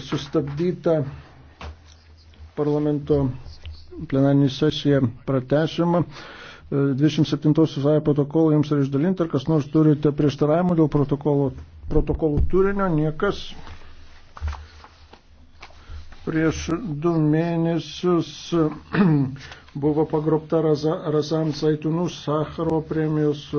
sustabdyta parlamento plenarinį sesiją pratešimą. E, 27 susaja protokolą jums yra išdalinta, ar kas nors turite prieštaravimų dėl protokolo, protokolų turinio, niekas. Prieš du mėnesius buvo pagrobta Razan Saitunų Sakharo premijos